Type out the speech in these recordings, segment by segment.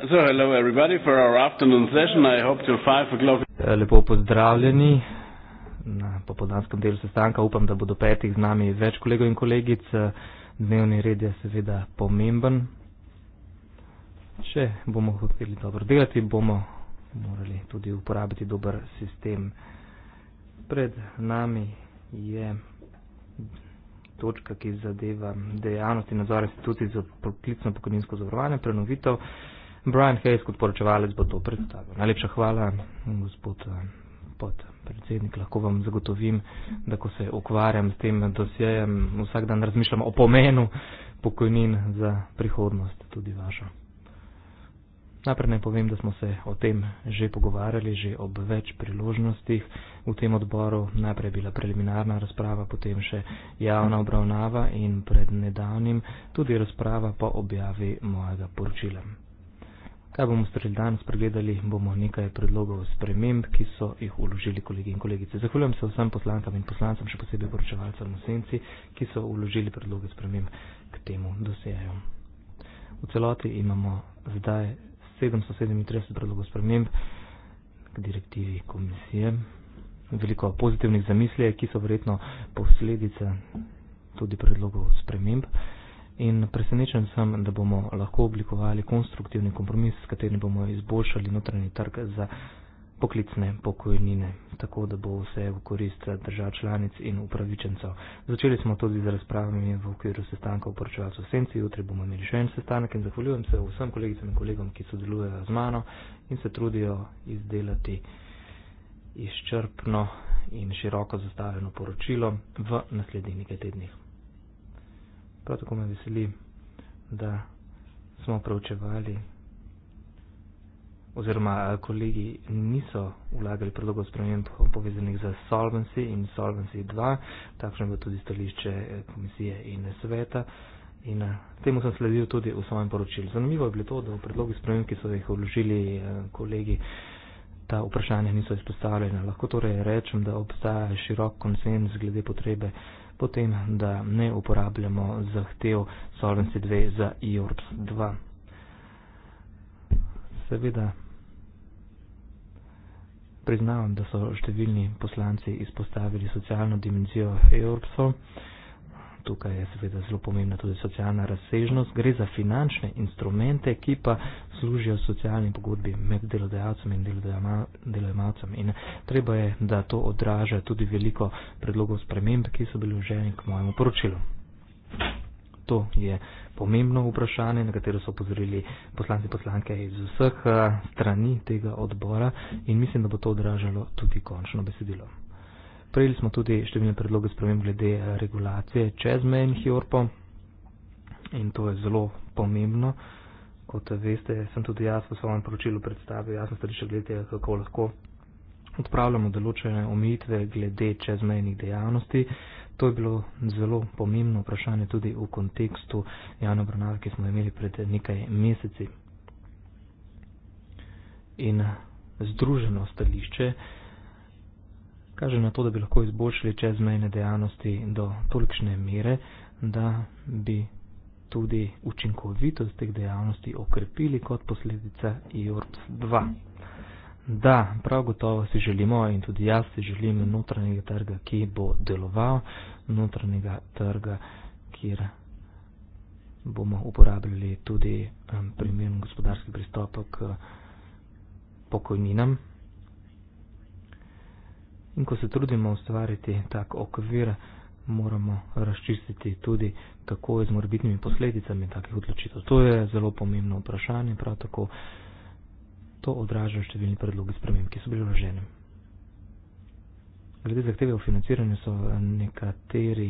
So, hello everybody for our afternoon session. I hope till 5 o'clock. Eh, lepo pozdravljeni na popoldanskem delu sestanka. Upam, da bo do petih z nami več kolegov in kolegic. Eh, dnevni red je seveda pomemben. Če bomo hoteli dobro delati, bomo morali tudi uporabiti dober sistem. Pred nami je točka, ki zadeva dejavnosti nadzora institucij za poklicno pokojninsko zavarovanje, prenovitev. Brian Hayes kot poročevalec bo to predstavil. Najlepša hvala, gospod eh, podpredsednik. Lahko vam zagotovim, da ko se ukvarjam s tem dosjejem, vsak dan razmišljam o pomenu pokojnin za prihodnost, tudi vašo. Najprej naj povem, da smo se o tem že pogovarjali, že ob več priložnostih v tem odboru. Najprej je bila preliminarna razprava, potem še javna obravnava in pred nedavnim tudi razprava po objavi mojega poročila. Kaj bomo storili danes, pregledali bomo nekaj predlogov sprememb, ki so jih uložili kolegi in kolegice. Zahvaljujem se vsem poslankam in poslancem, še posebej poročevalcem v senci, ki so uložili predloge sprememb k temu dosejaju. V celoti imamo zdaj 737 predlogov sprememb k direktivi komisije. Veliko pozitivnih zamisli, ki so verjetno posledice tudi predlogov sprememb in presenečen sem, da bomo lahko oblikovali konstruktivni kompromis, s katerim bomo izboljšali notranji trg za poklicne pokojnine, tako da bo vse v korist držav članic in upravičencev. Začeli smo tudi z razpravami v okviru sestanka v poročevalcu Senci, jutri bomo imeli še en sestanek in zahvaljujem se vsem kolegicam in kolegom, ki sodelujejo z mano in se trudijo izdelati izčrpno in široko zastavljeno poročilo v naslednjih nekaj tednih. Prav tako me veseli, da smo preučevali oziroma eh, kolegi niso vlagali predlogov sprememb povezanih za Solvency in Solvency 2, takšno je bilo tudi stališče eh, komisije in sveta. In eh, temu sem sledil tudi v svojem poročilu. Zanimivo je bilo to, da v predlogih sprememb, ki so jih vložili kolegi, ta vprašanja niso izpostavljena. Lahko torej rečem, da obstaja širok konsens glede potrebe potem, da ne uporabljamo zahtev Solvency 2 za IORPS 2. Seveda priznavam, da so številni poslanci izpostavili socialno dimenzijo EORPS-ov tukaj je seveda zelo pomembna tudi socialna razsežnost, gre za finančne instrumente, ki pa služijo socialni pogodbi med delodajalcem in delodajalcem. In treba je, da to odraža tudi veliko predlogov sprememb, ki so bili vloženi k mojemu poročilu. To je pomembno vprašanje, na katero so opozorili poslanci poslanke iz vseh eh, strani tega odbora in mislim, da bo to odražalo tudi končno besedilo. Prejeli smo tudi številne predloge sprememb glede eh, regulacije čezmejnih jorpov e in to je zelo pomembno. Kot veste, sem tudi jaz v svojem poročilu predstavil jasno stališče glede, kako lahko odpravljamo določene omejitve glede čezmejnih dejavnosti. To je bilo zelo pomembno vprašanje tudi v kontekstu javne obravnave, ki smo imeli pred eh, nekaj meseci. In eh, združeno stališče, kaže na to, da bi lahko izboljšali čezmejne dejavnosti do tolikšne mere, da bi tudi učinkovitost teh dejavnosti okrepili kot posledica IORP-2. Da, prav gotovo si želimo in tudi jaz si želim notranjega trga, ki bo deloval, notranjega trga, kjer bomo uporabljali tudi primern gospodarski pristop k pokojninam, In ko se trudimo ustvariti tak okvir, moramo razčistiti tudi, kako je z morbitnimi posledicami takih odločitev. To je zelo pomembno vprašanje, prav tako to odražajo številni predlogi sprememb, ki so bili vloženi. Glede zahteve o financiranju so nekateri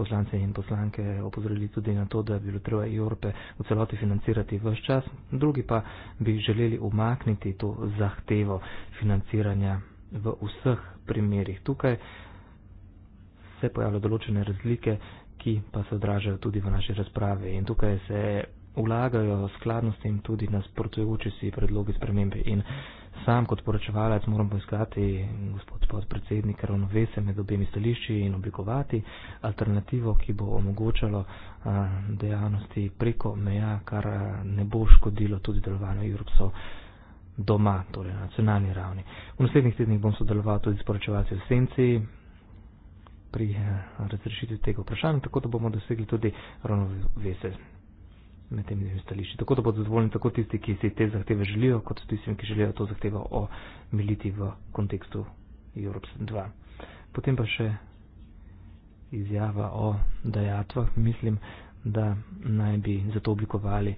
poslance in poslanke opozorili tudi na to, da bi bilo treba Evrope v celoti financirati v čas, drugi pa bi želeli umakniti to zahtevo financiranja v vseh primerjih. Tukaj se pojavljajo določene razlike, ki pa se odražajo tudi v naši razpravi in tukaj se vlagajo skladno s tem tudi nasprotujoči si predlogi spremembe. In sam kot poročevalec moram poiskati, gospod podpredsednik, ravnovesje med obemi stališči in oblikovati alternativo, ki bo omogočalo a, dejavnosti preko meja, kar ne bo škodilo tudi delovanju Evropsov doma, torej na nacionalni ravni. V naslednjih tednih bom sodeloval tudi s poročevalci v senci pri eh, razrešitvi tega vprašanja, tako da bomo dosegli tudi ravnovese med temi dvemi stališči. Tako da bodo zadovoljni tako tisti, ki si te zahteve želijo, kot tisti, ki želijo to zahtevo omiliti v kontekstu Evropske 2. Potem pa še izjava o dajatvah. Mislim, da naj bi zato oblikovali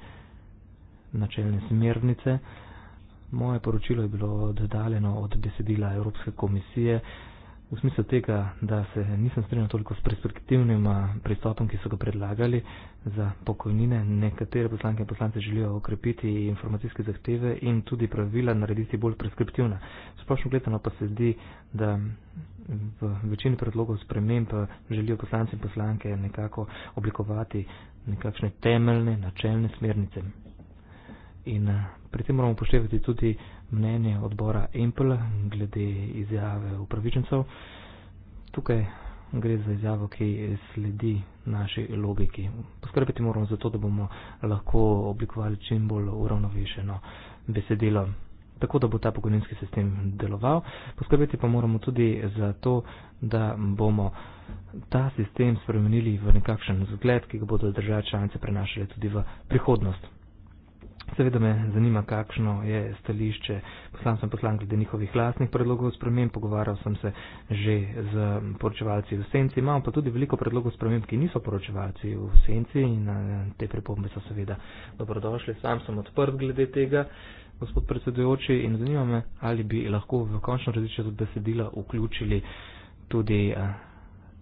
načelne smernice. Moje poročilo je bilo oddaljeno od besedila Evropske komisije v smislu tega, da se nisem strinjal toliko s perspektivnim pristopom, ki so ga predlagali za pokojnine. Nekatere poslanke in poslance želijo okrepiti informacijske zahteve in tudi pravila narediti bolj preskriptivna. Splošno gledano pa se zdi, da v večini predlogov sprememb želijo poslanci in poslanke nekako oblikovati nekakšne temeljne, načelne smernice. In Pri tem moramo upoštevati tudi mnenje odbora Empel glede izjave upravičencev. Tukaj gre za izjavo, ki sledi naši logiki. Poskrbeti moramo za to, da bomo lahko oblikovali čim bolj uravnovešeno besedilo, tako da bo ta pokojninski sistem deloval. Poskrbeti pa moramo tudi za to, da bomo ta sistem spremenili v nekakšen zgled, ki ga bodo države članice prenašale tudi v prihodnost. Seveda me zanima, kakšno je stališče poslancev in poslank glede njihovih lastnih predlogov sprememb. Pogovarjal sem se že z poročevalci v senci. Imamo pa tudi veliko predlogov sprememb, ki niso poročevalci v senci in eh, te pripombe so seveda dobrodošle. Sam sem odprt glede tega, gospod predsedujoči, in zanima me, ali bi lahko v končno različico od besedila vključili tudi eh,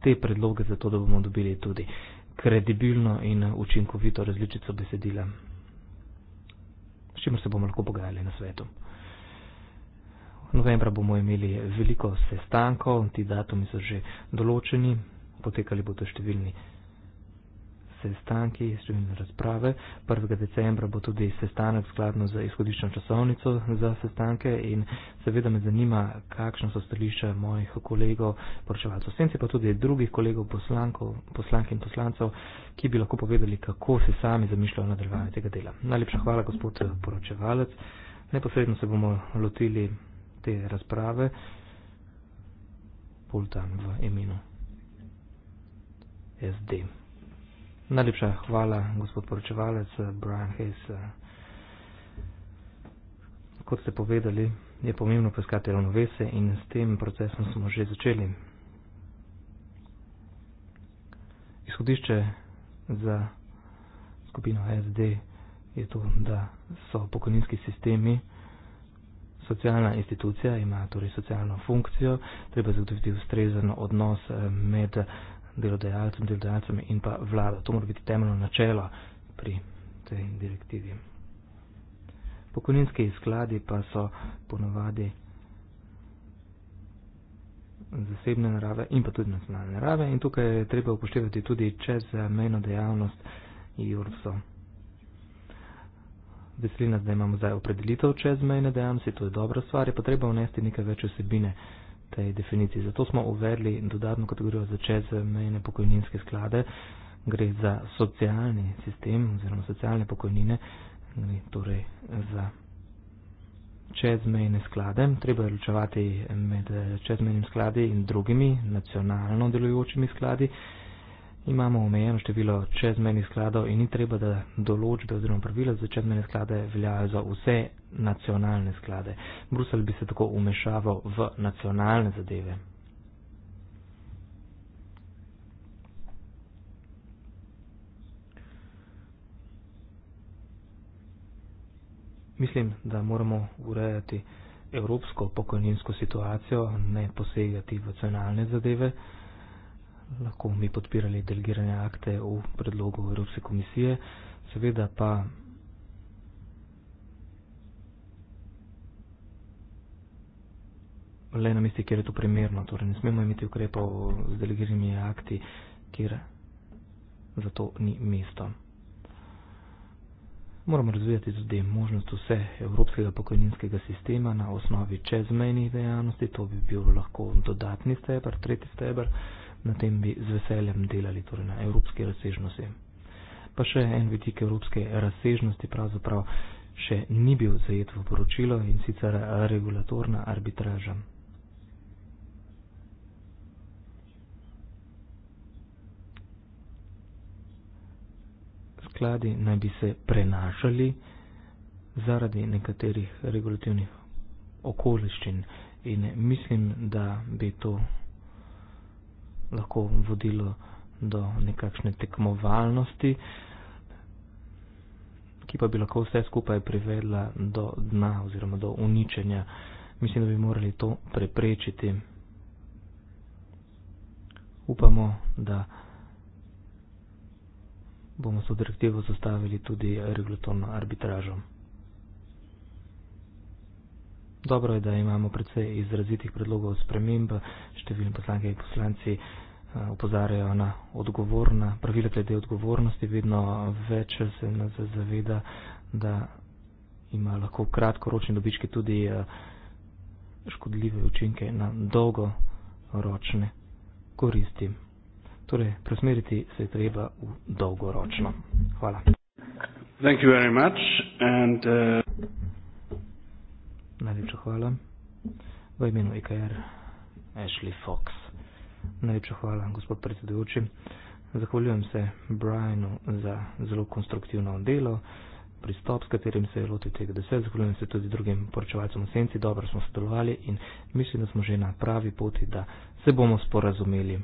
te predloge, zato da bomo dobili tudi kredibilno in učinkovito različico besedila s čimer se bomo lahko pogajali na svetu. Novembra bomo imeli veliko sestankov, ti datumi so že določeni, potekali bodo številni sestanki in razprave. 1. decembra bo tudi sestanek skladno z izhodiščno časovnico za sestanke in seveda me zanima, kakšno so stališča mojih kolegov, poročevalcev senci, pa tudi drugih kolegov poslankov, poslank in poslancev, ki bi lahko povedali, kako se sami zamišljajo nadaljevanje tega dela. Najlepša hvala, gospod poročevalec. Neposredno se bomo lotili te razprave. Pultan v imenu SD. Najlepša hvala, gospod poročevalec eh, Brian Hayes. Eh. Kot ste povedali, je pomembno poiskati ravnovese in s tem procesom smo že začeli. Izhodišče za skupino SD je to, da so pokojninski sistemi socialna institucija, ima torej socialno funkcijo, treba zagotoviti ustrezen odnos eh, med delodajalcem, delodajalcem in pa vlado. To mora biti temeljno načelo pri tej direktivi. Pokojninski skladi pa so ponovadi zasebne narave in pa tudi nacionalne narave in tukaj je treba upoštevati tudi čezmejno dejavnost IURSO. Veselina, da imamo zdaj opredelitev čezmejne dejavnosti, to je dobra stvar, je pa treba vnesti nekaj več vsebine tej definiciji. Zato smo uvedli dodatno kategorijo za čezmejne pokojninske sklade. Gre za socialni sistem oziroma socialne pokojnine, gre torej za čezmejne sklade. Treba je ločevati med čezmejnim skladi in drugimi nacionalno delujočimi skladi. Imamo omejeno število čezmejnih skladov in ni treba, da določbe oziroma pravila za čezmejne sklade veljajo za vse nacionalne sklade. Brusel bi se tako umešaval v nacionalne zadeve. Mislim, da moramo urejati evropsko pokojninsko situacijo, ne posegati v nacionalne zadeve. Lahko bi podpirali delegirane akte v predlogu Evropske komisije, seveda pa le na mesti, kjer je to primerno. Torej, ne smemo imeti ukrepov z delegiranimi akti, kjer za to ni mesto. Moramo razvijati tudi možnost vse evropskega pokojninskega sistema na osnovi čezmejnih dejavnosti. To bi bil lahko dodatni stebr, tretji stebr. Na tem bi z veseljem delali, torej na evropski razsežnosti. Pa še en vidik evropske razsežnosti pravzaprav še ni bil zajet v poročilo in sicer regulatorna arbitraža. skladi naj bi se prenašali zaradi nekaterih regulativnih okoliščin in mislim, da bi to lahko vodilo do nekakšne tekmovalnosti, ki pa bi lahko vse skupaj privedla do dna oziroma do uničenja. Mislim, da bi morali to preprečiti. Upamo, da bomo so direktivo zastavili tudi regulatorno arbitražo. Dobro je, da imamo predvsej izrazitih predlogov sprememb, številni poslanke in poslanci eh, opozarjajo na odgovorna, pravila glede odgovornosti, vedno več se nas zaveda, da ima lahko kratkoročni dobički tudi eh, škodljive učinke na dolgoročne koristi. Torej, prosmeriti se je treba v dolgoročno. Hvala. Thank you very much and uh... najlepša hvala. V imenu IKR e Ashley Fox. Najlepša hvala, gospod predsedujoči. Zahvaljujem se Brianu za zelo konstruktivno delo, pristop, s katerim se je lotil tega deset. Zahvaljujem se tudi drugim poročevalcem v senci. Dobro smo sodelovali in mislim, da smo že na pravi poti, da se bomo sporazumeli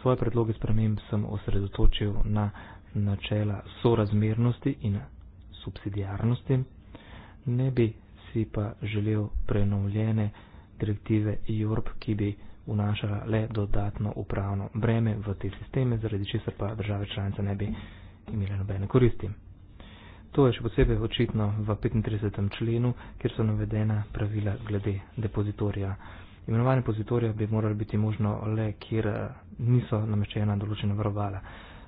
Svoje predloge sprememb sem osredotočil na načela sorazmernosti in subsidijarnosti. Ne bi si pa želel prenovljene direktive IORP, ki bi vnašala le dodatno upravno breme v te sisteme, zaradi česar pa države članice ne bi imele nobene koristi. To je še posebej očitno v 35. členu, kjer so navedena pravila glede depozitorija. Imenovanje pozitorija bi moralo biti možno le, kjer eh, niso nameščena določena varovala.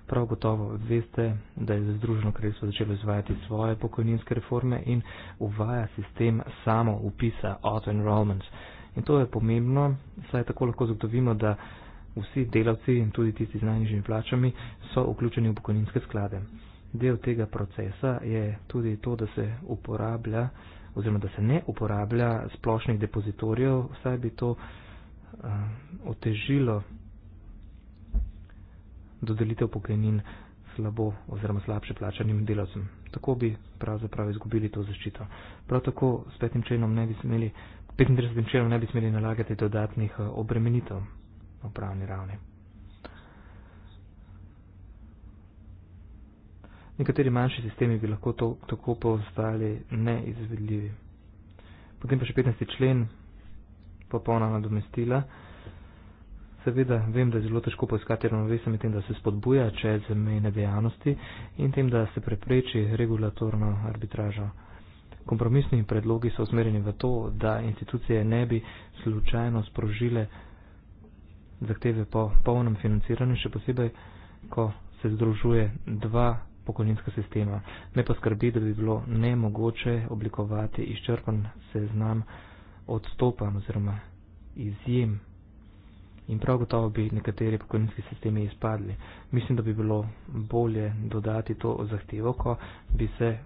Prav gotovo veste, da je Združeno kraljestvo začelo izvajati svoje pokojninske reforme in uvaja sistem samo upisa auto-enrollment. In to je pomembno, saj tako lahko zagotovimo, da vsi delavci in tudi tisti z najnižjimi plačami so vključeni v pokojninske sklade. Del tega procesa je tudi to, da se uporablja oziroma da se ne uporablja splošnih depozitorijev, vsaj bi to uh, otežilo dodelitev pokojnin slabo oziroma slabše plačanim delavcem. Tako bi pravzaprav izgubili to zaščito. Prav tako s 35. členom ne bi smeli nalagati dodatnih eh, obremenitev na pravni ravni. Nekateri manjši sistemi bi lahko to, tako postali neizvedljivi. Potem pa še 15. člen, popolna nadomestila. Seveda vem, da je zelo težko poiskati ravnovesje med tem, da se spodbuja čezmejne dejavnosti in tem, da se prepreči regulatorno arbitražo. Kompromisni predlogi so usmerjeni v to, da institucije ne bi slučajno sprožile zahteve po polnem financiranju, še posebej, ko se združuje dva pokojninska sistema. Me pa skrbi, da bi bilo nemogoče oblikovati izčrpan seznam odstopan oziroma izjem. In prav gotovo bi nekateri pokojninski sistemi izpadli. Mislim, da bi bilo bolje dodati to zahtevo, ko bi se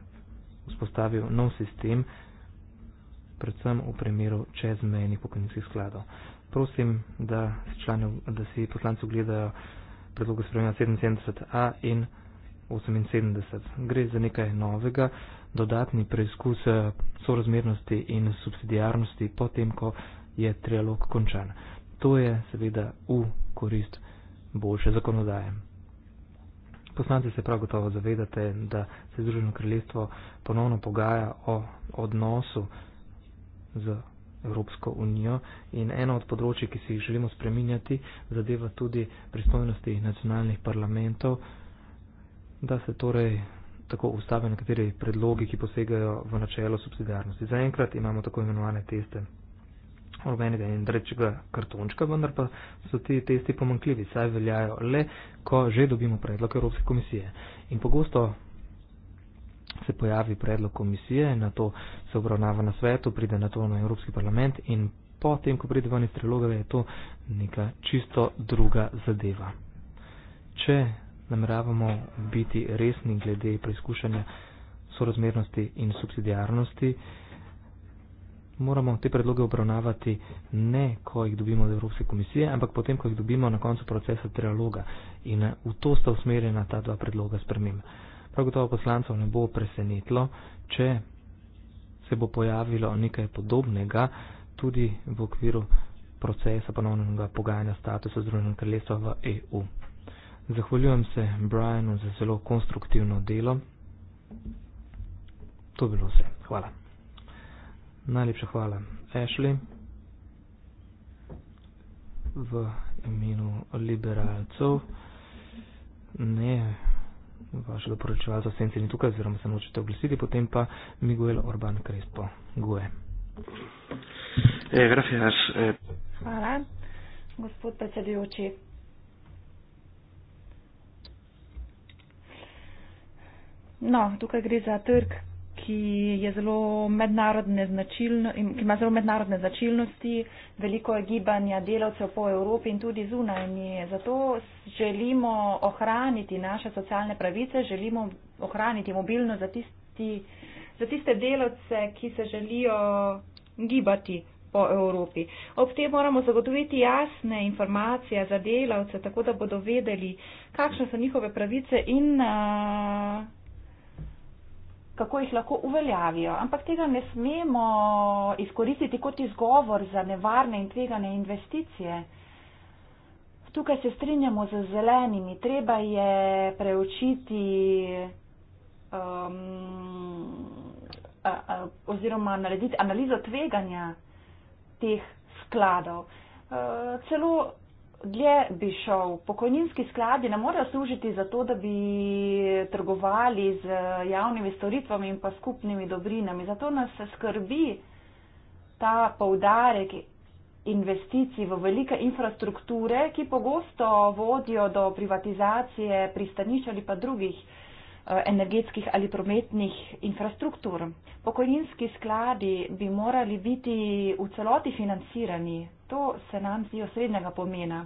vzpostavil nov sistem, predvsem v primeru čezmejnih pokojninskih skladov. Prosim, da si, člani, da si poslanci ogledajo predlogo spremenja 77a in 77. 78. Gre za nekaj novega, dodatni preizkus eh, sorazmernosti in subsidijarnosti potem, ko je trialog končan. To je seveda v korist boljše zakonodaje. Poslanci se prav gotovo zavedate, da se Združeno kraljestvo ponovno pogaja o odnosu z Evropsko unijo in eno od področji, ki si jih želimo spreminjati, zadeva tudi pristojnosti nacionalnih parlamentov, da se torej tako ustavijo nekateri predlogi, ki posegajo v načelo subsidiarnosti. Zaenkrat imamo tako imenovane teste obmenite in rečega kartončka, vendar pa so ti testi pomankljivi, saj veljajo le, ko že dobimo predlog Evropske komisije. In pogosto se pojavi predlog komisije, na to se obravnava na svetu, pride na to na Evropski parlament in potem, ko pride ven iz trilogove, je to neka čisto druga zadeva. Če nameravamo biti resni glede preizkušanja sorazmernosti in subsidijarnosti, moramo te predloge obravnavati ne, ko jih dobimo od Evropske komisije, ampak potem, ko jih dobimo na koncu procesa trialoga. In eh, v to sta usmerjena ta dva predloga sprememb. Prav gotovo poslancov ne bo presenetlo, če se bo pojavilo nekaj podobnega tudi v okviru procesa ponovnega pogajanja statusa Združenega kraljestva v EU. Zahvaljujem se Brianu za zelo konstruktivno delo. To je bilo vse. Hvala. Najlepša hvala Ashley v imenu liberalcev. Ne, vašega poročevalca Sence ni tukaj, oziroma se nočete oglasiti, potem pa Miguel Orban Crespo. Gue. Eh, gracias. Eh. Hvala, gospod predsedujoči. No, tukaj gre za trg, ki, je zelo mednarodne ki ima zelo mednarodne značilnosti, veliko je gibanja delavcev po Evropi in tudi zunaj nje. Zato želimo ohraniti naše socialne pravice, želimo ohraniti mobilno za, tisti, za tiste delavce, ki se želijo gibati. Evropi. Ob tem moramo zagotoviti jasne informacije za delavce, tako da bodo vedeli, kakšne so njihove pravice in uh, kako jih lahko uveljavijo. Ampak tega ne smemo izkoristiti kot izgovor za nevarne in tvegane investicije. Tukaj se strinjamo z zelenimi. Treba je preučiti um, oziroma narediti analizo tveganja teh skladov. Uh, celo dlje bi šel. Pokojninski skladi ne morejo služiti za to, da bi trgovali z javnimi storitvami in pa skupnimi dobrinami. Zato nas skrbi ta poudarek investicij v velike infrastrukture, ki pogosto vodijo do privatizacije pristanič ali pa drugih eh, energetskih ali prometnih infrastruktur. Pokojninski skladi bi morali biti v celoti financirani, To se nam zdi osrednjega pomena.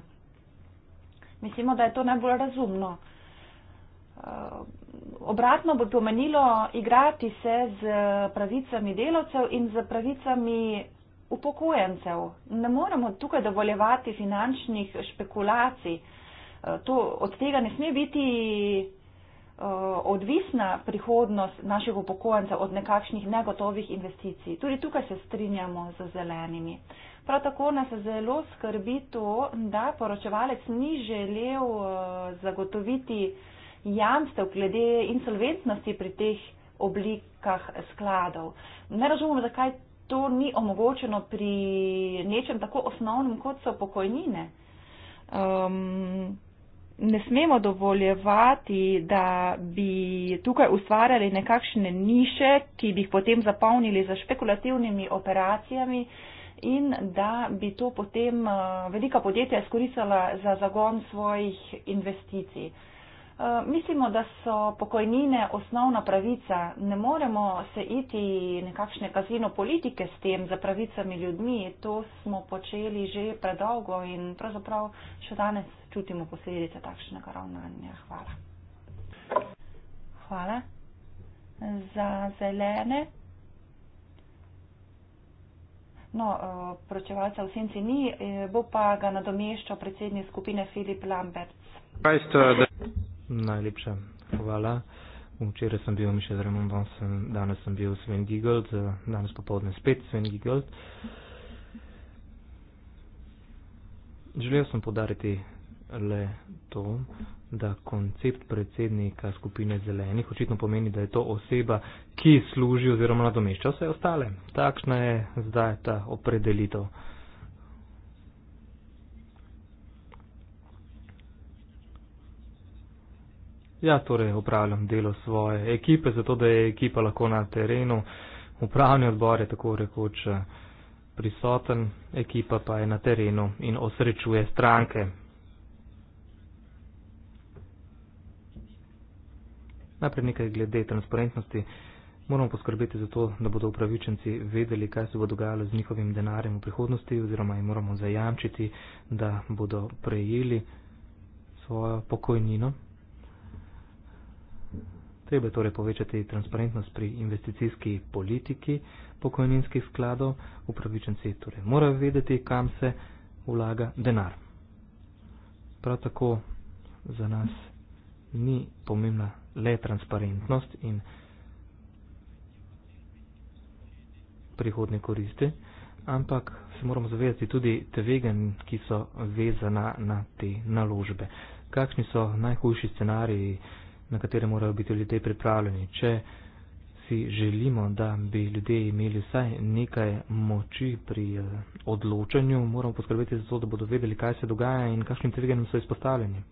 Mislimo, da je to najbolj razumno. Uh, obratno bo pomenilo igrati se z pravicami delavcev in z pravicami upokojencev. Ne moremo tukaj dovoljevati finančnih špekulacij. Uh, to, od tega ne sme biti Eh, odvisna prihodnost naših upokojencev od nekakšnih negotovih investicij. Tudi tukaj se strinjamo z zelenimi. Prav tako nas zelo skrbi to, da poročevalec ni želel eh, zagotoviti jamstev glede insolventnosti pri teh oblikah skladov. Ne razumemo, zakaj to ni omogočeno pri nečem tako osnovnem, kot so pokojnine. Um, ne smemo dovoljevati, da bi tukaj ustvarjali nekakšne niše, ki bi jih potem zapolnili za špekulativnimi operacijami in da bi to potem eh, velika podjetja izkoristila za zagon svojih investicij. Eh, mislimo, da so pokojnine osnovna pravica. Ne moremo se iti nekakšne kazino politike s tem za pravicami ljudmi. To smo počeli že predolgo in pravzaprav še danes čutimo posledice takšnega ravnanja. Hvala. Hvala. Za zelene. No, eh, pročevalca v senci ni, eh, bo pa ga nadomeščal predsednik skupine Filip Lambert. Najlepša hvala. Včeraj sem bil še z Remondom, danes sem bil Sven Gigold, eh, danes popovdne spet Sven Gigold. Želel sem podariti le to, da koncept predsednika skupine zelenih očitno pomeni, da je to oseba, ki služi oziroma nadomešča vse ostale. Takšna je zdaj ta opredelitev. Ja, torej upravljam delo svoje ekipe, zato da je ekipa lahko na terenu. Upravni odbor je tako rekoč eh, prisoten, ekipa pa je na terenu in osrečuje stranke. Najprej nekaj glede transparentnosti. Moramo poskrbeti za to, da bodo upravičenci vedeli, kaj se bo dogajalo z njihovim denarjem v prihodnosti oziroma jim moramo zajamčiti, da bodo prejeli svojo pokojnino. Treba je torej povečati transparentnost pri investicijski politiki pokojninskih skladov. Upravičenci torej morajo vedeti, kam se vlaga denar. Prav tako za nas ni pomembna le transparentnost in prihodne koristi, ampak se moramo zavedati tudi tvegan, ki so vezana na te naložbe. Kakšni so najhujši scenariji, na katere morajo biti ljudje pripravljeni, če si želimo, da bi ljudje imeli vsaj nekaj moči pri eh, odločanju, moramo poskrbeti za to, da bodo vedeli, kaj se dogaja in kakšnim tveganjem so izpostavljeni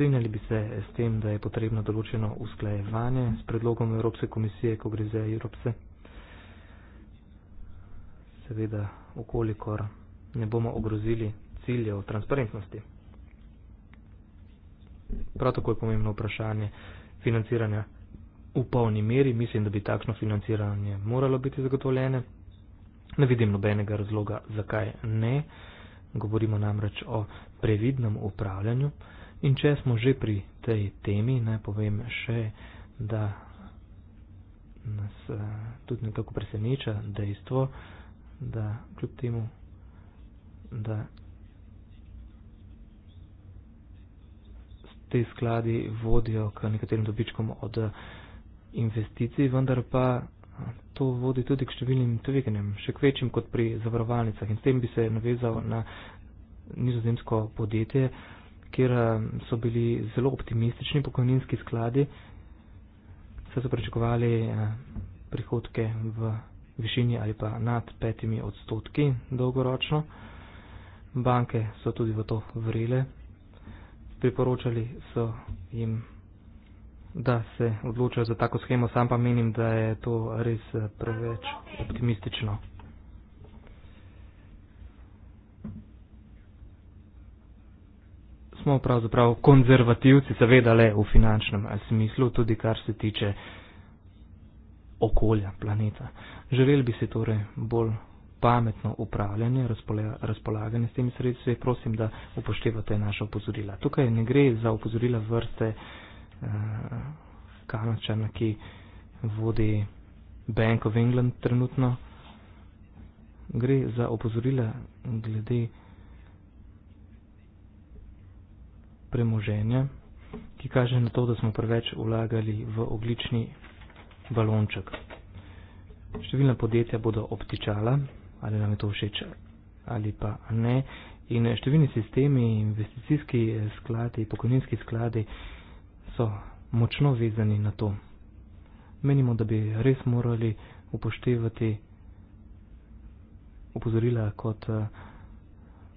strinjali bi se s tem, da je potrebno določeno usklajevanje s predlogom Evropske komisije, ko gre za Evropse. Seveda, okolikor ne bomo ogrozili ciljev transparentnosti. Prav tako je pomembno vprašanje financiranja v polni meri. Mislim, da bi takšno financiranje moralo biti zagotovljene. Ne vidim nobenega razloga, zakaj ne. Govorimo namreč o previdnem upravljanju. In če smo že pri tej temi, naj povem še, da nas eh, tudi nekako preseneča dejstvo, da kljub temu, da te skladi vodijo k nekaterim dobičkom od eh, investicij, vendar pa to vodi tudi k številnim tveganjem, še k večjim kot pri zavarovalnicah. In s tem bi se navezal na nizozemsko podjetje, kjer eh, so bili zelo optimistični pokojninski skladi, saj so pričakovali eh, prihodke v višini ali pa nad petimi odstotki dolgoročno. Banke so tudi v to vrele. Priporočali so jim, da se odločajo za tako schemo, sam pa menim, da je to res eh, preveč optimistično. smo pravzaprav konzervativci, seveda le v finančnem smislu, tudi kar se tiče okolja, planeta. Želeli bi se torej bolj pametno upravljanje, razpolaganje s temi sredstvi, prosim, da upoštevate naša opozorila. Tukaj ne gre za opozorila vrste eh, kanočana, ki vodi Bank of England trenutno. Gre za opozorila glede. premoženja, ki kaže na to, da smo preveč vlagali v oglični balonček. Številna podjetja bodo optičala, ali nam je to všeč ali pa ne, in številni sistemi, investicijski skladi, pokojninski skladi so močno vezani na to. Menimo, da bi res morali upoštevati opozorila kot uh,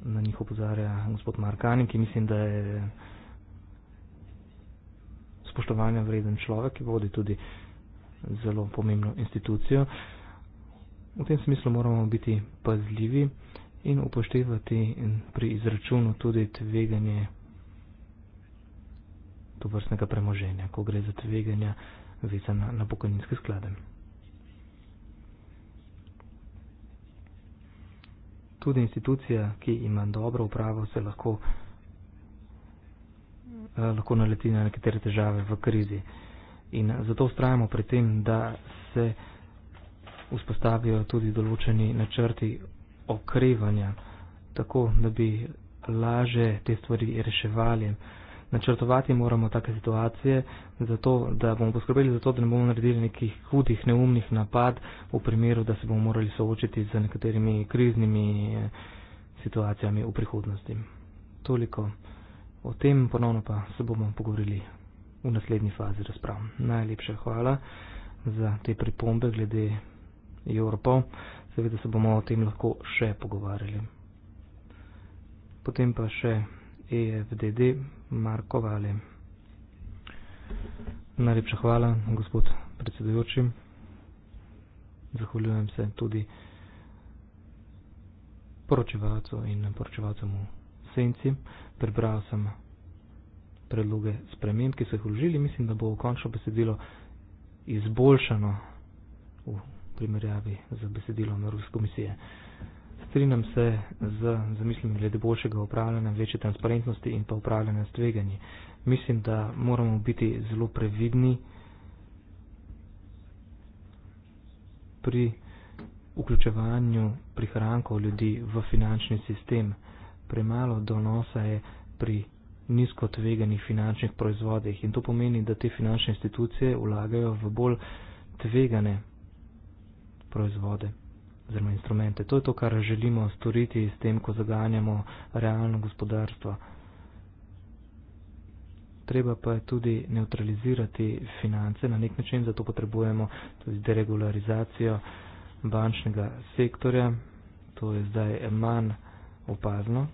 na njih opozarja gospod Markani, ki mislim, da je spoštovanja vreden človek, ki vodi tudi zelo pomembno institucijo. V tem smislu moramo biti pazljivi in upoštevati in pri izračunu tudi tveganje tovrstnega premoženja, ko gre za tveganja vezana na pokojninske sklade. tudi institucija, ki ima dobro upravo, se lahko, eh, lahko naleti na nekatere težave v krizi. In zato ustrajamo pri tem, da se vzpostavijo tudi določeni načrti okrevanja, tako da bi laže te stvari reševali načrtovati moramo take situacije, zato, da bomo poskrbeli za to, da ne bomo naredili nekih hudih, neumnih napad v primeru, da se bomo morali soočiti z nekaterimi kriznimi eh, situacijami v prihodnosti. Toliko o tem, ponovno pa se bomo pogovorili v naslednji fazi razprav. Najlepša hvala za te pripombe glede Evropo. Seveda se bomo o tem lahko še pogovarjali. Potem pa še EFDD Marko Vale. Najlepša hvala, gospod predsedujoči. Zahvaljujem se tudi poročevalcu in poročevalcem v senci. Prebral sem predloge sprememb, ki so jih vložili. Mislim, da bo končno besedilo izboljšano v primerjavi z besedilom Evropske komisije strinjam se z zamislimi glede boljšega upravljanja, večje transparentnosti in pa upravljanja s tveganji. Mislim, da moramo biti zelo previdni pri vključevanju prihrankov ljudi v finančni sistem. Premalo donosa je pri nizko tveganih finančnih proizvodih in to pomeni, da te finančne institucije vlagajo v bolj tvegane proizvode oziroma instrumente. To je to, kar želimo storiti s tem, ko zaganjamo realno gospodarstvo. Treba pa je tudi neutralizirati finance, na nek način zato potrebujemo tudi deregularizacijo bančnega sektorja. To je zdaj manj opazno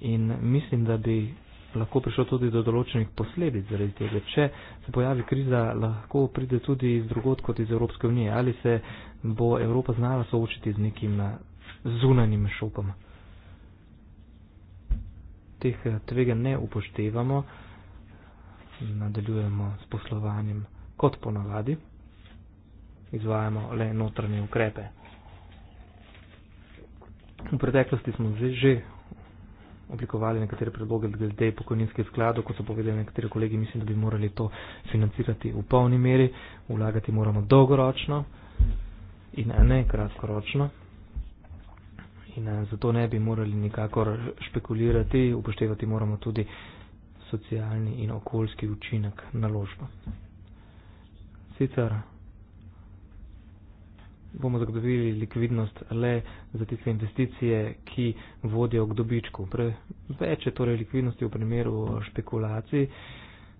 in mislim, da bi lahko prišlo tudi do določenih posledic zaradi tega. Če se pojavi kriza, lahko pride tudi iz drugot kot iz Evropske unije ali se bo Evropa znala soočiti z nekim eh, zunanjim šokom. Teh eh, tvega ne upoštevamo, nadaljujemo s poslovanjem kot ponavadi, izvajamo le notranje ukrepe. V preteklosti smo že, že oblikovali nekatere predloge glede pokojninskih skladov, kot so povedali nekateri kolegi, mislim, da bi morali to financirati v polni meri, vlagati moramo dolgoročno in ene kratkoročno. In eh, zato ne bi morali nikakor špekulirati, upoštevati moramo tudi socialni in okoljski učinek naložba. Sicer bomo zagotovili likvidnost le za tiste investicije, ki vodijo k dobičku. Preveč je torej likvidnosti v primeru špekulacij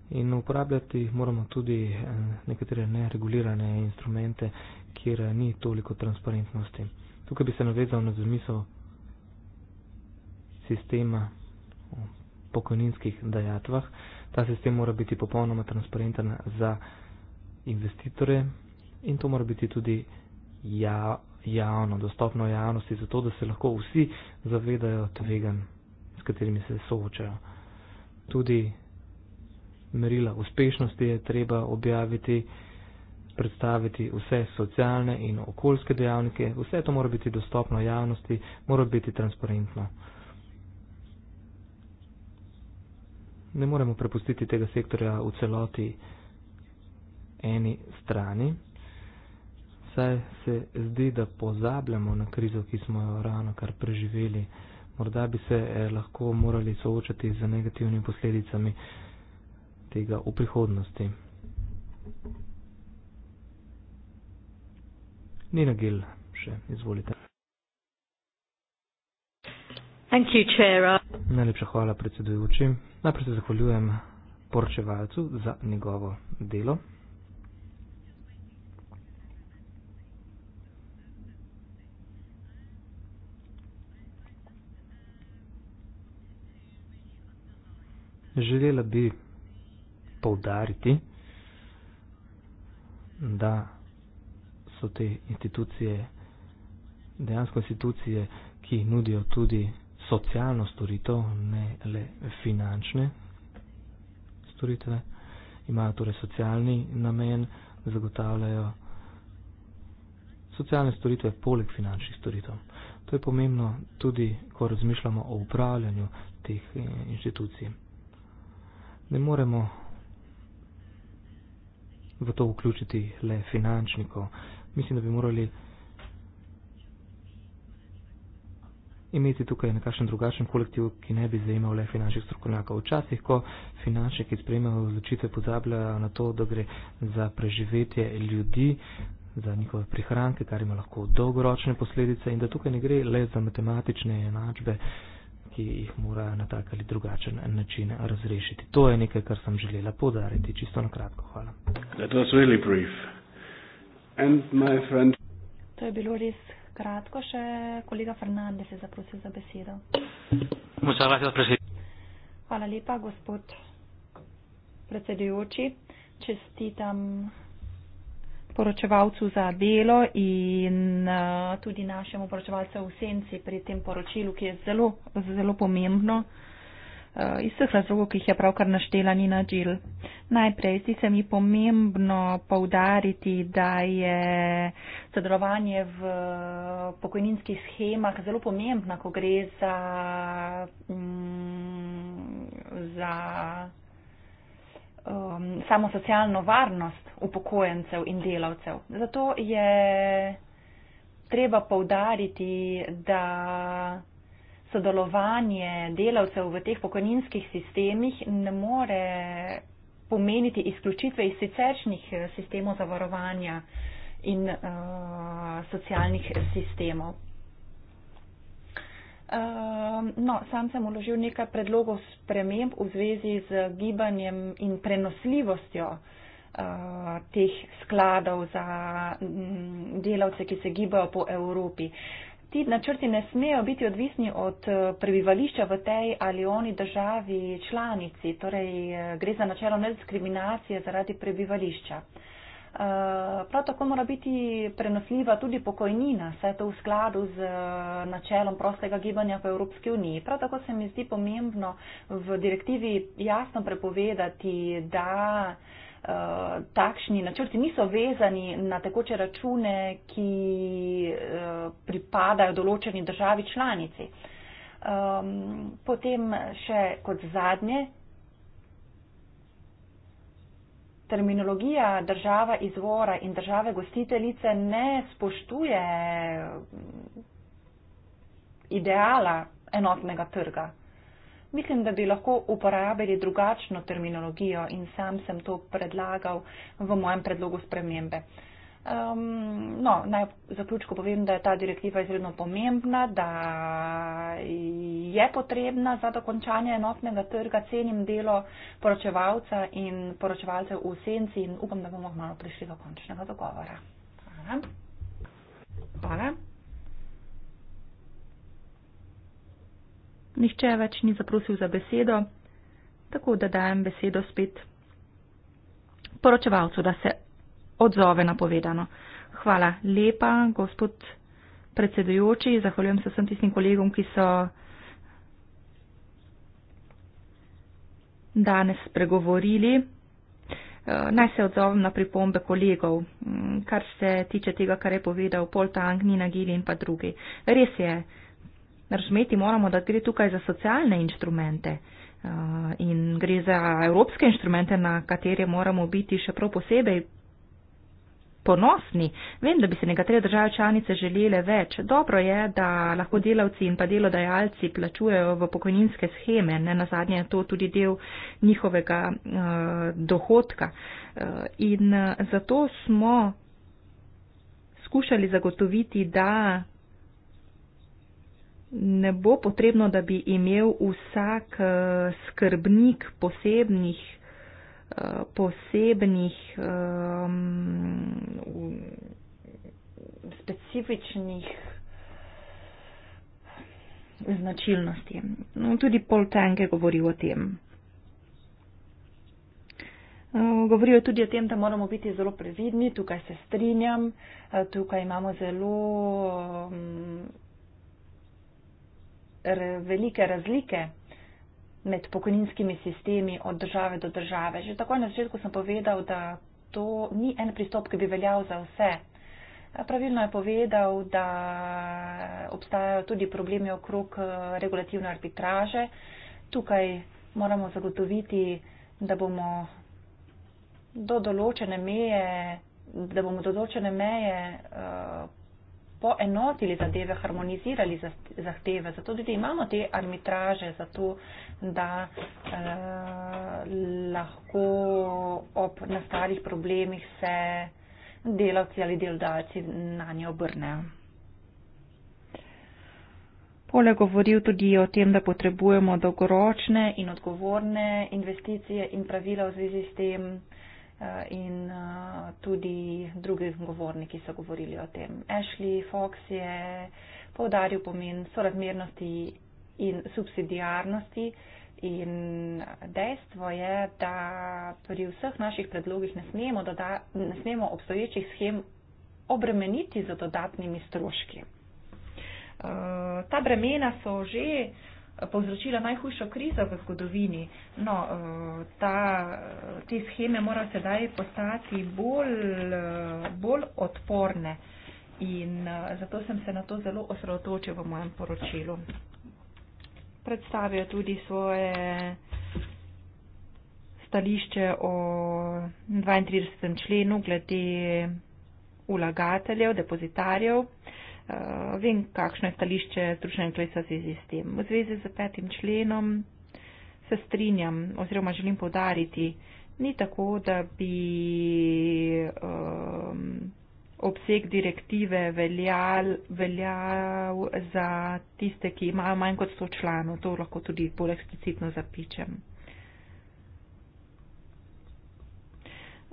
in uporabljati moramo tudi eh, nekatere neregulirane instrumente, kjer ni toliko transparentnosti. Tukaj bi se navezal na zamisel sistema o pokojninskih dajatvah. Ta sistem mora biti popolnoma transparenten za investitore in to mora biti tudi ja, javno, dostopno javnosti, zato da se lahko vsi zavedajo tvegan, s katerimi se soočajo. Tudi merila uspešnosti je treba objaviti predstaviti vse socialne in okoljske dejavnike, vse to mora biti dostopno javnosti, mora biti transparentno. Ne moremo prepustiti tega sektorja v celoti eni strani, saj se zdi, da pozabljamo na krizo, ki smo jo ravno kar preživeli. Morda bi se eh, lahko morali soočati z negativnimi posledicami tega v prihodnosti. Thank you. Nina Gill, še izvolite. Thank you, chair. Najlepša hvala, predsedujoči. Najprej se zahvaljujem poročevalcu za njegovo delo. Želela bi poudariti, da so te institucije, dejansko institucije, ki nudijo tudi socialno storitev, ne le finančne storitve. Imajo torej socialni namen, zagotavljajo socialne storitve poleg finančnih storitev. To je pomembno tudi, ko razmišljamo o upravljanju teh eh, inštitucij. Ne moremo v to vključiti le finančnikov, mislim, da bi morali imeti tukaj nekakšen drugačen kolektiv, ki ne bi zajemal le finančnih strokovnjakov. Včasih, ko finančni, ki sprejemajo odločitve, pozabljajo na to, da gre za preživetje ljudi, za njihove prihranke, kar ima lahko dolgoročne posledice in da tukaj ne gre le za matematične enačbe, ki jih mora na tak ali drugačen način razrešiti. To je nekaj, kar sem želela podariti. Čisto na kratko. Hvala. To je bilo res kratko, še kolega Fernandez je zaprosil za besedo. Hvala lepa, gospod predsedujoči. Čestitam poročevalcu za delo in uh, tudi našemu poročevalcu v senci pri tem poročilu, ki je zelo, zelo pomembno uh, iz vseh razlogov, ki jih je pravkar naštela Nina Džil. Najprej zdi se mi pomembno povdariti, da je sodelovanje v eh, pokojninskih schemah zelo pomembno, ko gre za. Um, za Um, samo socialno varnost upokojencev in delavcev. Zato je treba povdariti, da sodelovanje delavcev v teh pokojninskih sistemih ne more pomeniti izključitve iz siceršnjih eh, sistemov zavarovanja in uh, socialnih sistemov. Ehm, no, sam sem uložil nekaj predlogov sprememb v zvezi z gibanjem in prenosljivostjo uh, teh skladov za mm, delavce, ki se gibajo po Evropi. Uh, ti načrti ne smejo biti odvisni od eh, prebivališča v tej ali oni državi članici, torej eh, gre za načelo nediskriminacije zaradi prebivališča. Eh, prav tako mora biti prenosljiva tudi pokojnina, saj je to v skladu z načelom prostega gibanja v Evropski uniji. Prav tako se mi zdi pomembno v direktivi jasno prepovedati, da takšni načrti niso vezani na tekoče račune, ki eh, pripadajo določeni državi članici. Um, potem še kot zadnje, terminologija država izvora in države gostiteljice ne spoštuje ideala enotnega trga. Mislim, da bi lahko uporabili drugačno terminologijo in sam sem to predlagal v mojem predlogu spremembe. Um, no, naj zaključko povem, da je ta direktiva izredno pomembna, da je potrebna za dokončanje enotnega trga, cenim delo poročevalca in poročevalcev v senci in upam, da bomo malo prišli do končnega dogovora. Hvala. Hvala. Nihče več ni zaprosil za besedo, tako da dajem besedo spet poročevalcu, da se odzove na povedano. Hvala lepa, gospod predsedujoči. Zahvaljujem se vsem tistim kolegom, ki so danes spregovorili. Eh, naj se odzovem na pripombe kolegov, mm, kar se tiče tega, kar je povedal Pol Tang, Nina Gili in pa drugi. Res je, razumeti moramo, da gre tukaj za socialne inštrumente eh, in gre za evropske inštrumente, na katere moramo biti še prav posebej ponosni. Vem, da bi se nekatere države članice želele več. Dobro je, da lahko delavci in pa delodajalci plačujejo v pokojninske scheme, ne na zadnje je to tudi del njihovega uh, dohodka. Uh, in uh, zato smo skušali zagotoviti, da ne bo potrebno, da bi imel vsak eh, skrbnik posebnih eh, posebnih um, specifičnih značilnosti. No, tudi Paul Tanke govori o tem. Eh, Govorijo tudi o tem, da moramo biti zelo previdni, tukaj se strinjam, tukaj imamo zelo um, velike razlike med pokojninskimi sistemi od države do države. Že takoj na začetku sem povedal, da to ni en pristop, ki bi veljal za vse. Pravilno je povedal, da obstajajo tudi problemi okrog eh, regulativne arbitraže. Tukaj moramo zagotoviti, da bomo do določene meje, da bomo do določene meje uh, poenotili zadeve, harmonizirali zahteve. Zato tudi imamo te arbitraže, zato da eh, lahko ob nastalih problemih se delavci ali delodajci na nje obrnejo. Pole govoril tudi o tem, da potrebujemo dolgoročne in odgovorne investicije in pravila v zvezi s tem, Eh, in eh, tudi drugi govorniki so govorili o tem. Ashley Fox je povdaril pomen sorazmernosti in subsidijarnosti in dejstvo je, da pri vseh naših predlogih ne smemo, doda, ne smemo obstoječih schem obremeniti z dodatnimi stroški. Uh, ta bremena so že uh, povzročila najhujšo krizo v zgodovini. No, eh, ta, te scheme morajo sedaj postati bolj, eh, bolj odporne in eh, zato sem se na to zelo osredotočil v mojem poročilu. Predstavijo tudi svoje stališče o 32. členu glede ulagateljev, depozitarjev uh, vem, kakšno je stališče Združenja kleca v zvezi s tem. V zvezi z petim členom se strinjam oziroma želim povdariti, ni tako, da bi um, obseg direktive veljal, veljal za tiste, ki imajo manj kot 100 članov. To lahko tudi bolj eksplicitno zapičem.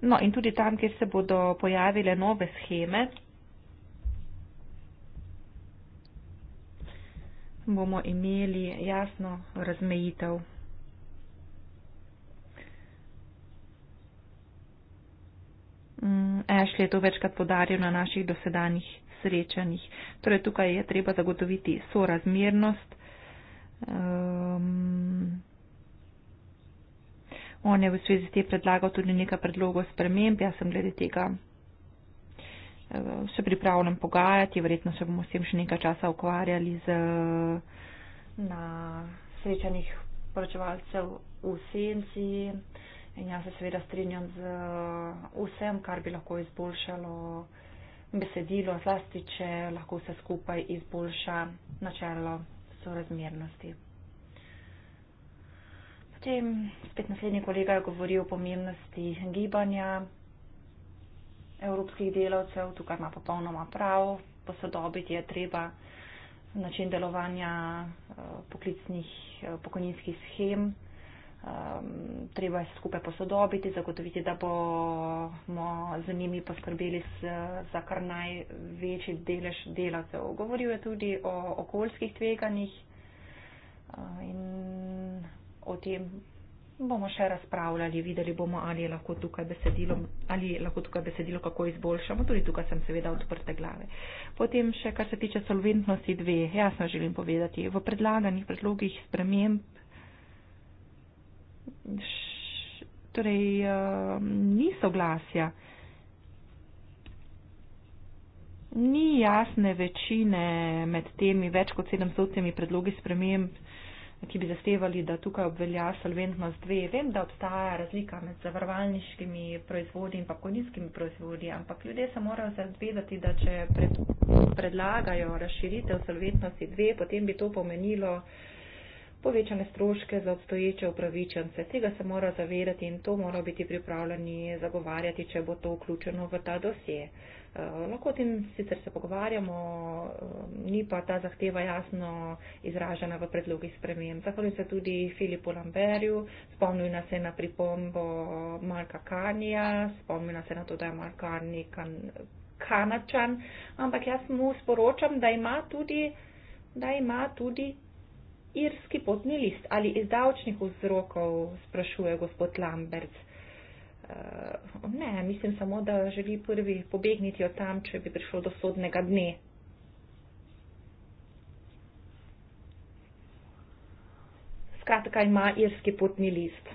No, in tudi tam, kjer se bodo pojavile nove scheme, bomo imeli jasno razmejitev. Mm, Ešli je to večkrat podaril na naših dosedanjih srečanjih. Torej, tukaj je treba zagotoviti sorazmernost. Um, on je v svezi s tem predlagal tudi nekaj predlogov sprememb, jaz sem glede tega se pripravljam pogajati, verjetno se bomo s tem še nekaj časa ukvarjali z, na srečanjih poročevalcev v senci. In jaz se seveda strinjam z vsem, kar bi lahko izboljšalo besedilo, zlasti če lahko vse skupaj izboljša načelo sorazmernosti. Potem spet naslednji kolega je govoril o pomembnosti gibanja evropskih delavcev, tukaj ima popolnoma prav, posodobiti je treba način delovanja eh, poklicnih eh, pokojninskih schem, ehm, treba je skupaj posodobiti, zagotoviti, da bomo z njimi poskrbeli za kar največji delež delavcev. Govoril je tudi o okoljskih tveganjih eh, in o tem, bomo še razpravljali, videli bomo, ali lahko tukaj besedilo, ali lahko tukaj besedilo kako izboljšamo. Tudi tukaj sem seveda odprte glave. Potem še, kar se tiče solventnosti dve, jasno želim povedati, v predlaganih predlogih sprememb torej, eh, ni soglasja, ni jasne večine med temi več kot 700 predlogi sprememb ki bi zahtevali, da tukaj obvelja solventnost 2. Vem, da obstaja razlika med zavarvalniškimi proizvodi in pokojninskimi proizvodi, ampak ljudje se morajo zavedati, da če pred, predlagajo razširitev solventnosti 2, potem bi to pomenilo povečane stroške za obstoječe upravičence. Tega se mora zavedati in to mora biti pripravljeni zagovarjati, če bo to vključeno v ta dosje. Uh, lahko o tem sicer se pogovarjamo, eh, ni pa ta zahteva jasno izražena v predlogih spremem. Zahvaljujem se tudi Filipu Lamberju, spomnil nas je na pripombo Marka Kanija, spomnil nas je na to, da je Mark Karni kan, kanačan, ampak jaz mu sporočam, da ima tudi, da ima tudi irski potni list ali iz davčnih vzrokov, sprašuje gospod Lamberts uh, ne, mislim samo, da želi prvi pobegniti od tam, če bi prišlo do sodnega dne. Skratka, ima irski potni list.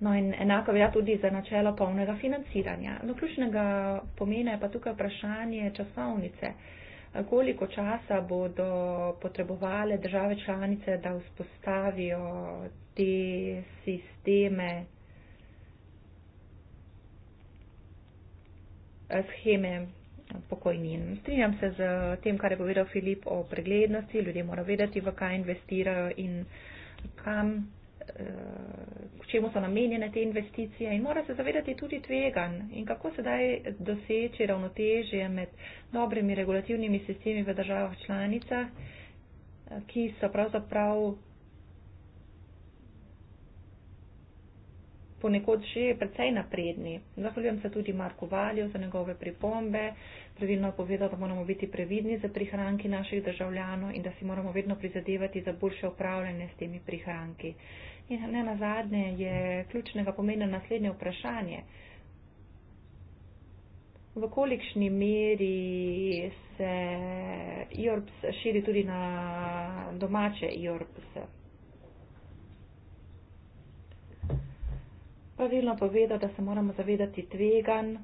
No in enako velja tudi za načelo polnega financiranja. No, ključnega pomena je pa tukaj vprašanje časovnice. Koliko časa bodo potrebovali države članice, da vzpostavijo te sisteme scheme pokojnin. Strinjam se z tem, kar je povedal Filip o preglednosti. Ljudje morajo vedeti, v kaj investirajo in kam, eh, k čemu so namenjene te investicije. In morajo se zavedati tudi tvegan in kako se daj doseči ravnotežje med dobrimi regulativnimi sistemi v državah članicah, ki so pravzaprav ponekod že precej napredni. Zahvaljujem se tudi Marku Valju za njegove pripombe. Pravilno je povedal, da moramo biti previdni za prihranki naših državljanov in da si moramo vedno prizadevati za boljše upravljanje s temi prihranki. In ne na zadnje je ključnega pomena naslednje vprašanje. V kolikšni meri se IORPS širi tudi na domače IORPS? -e? pravilno povedal, da se moramo zavedati tvegan,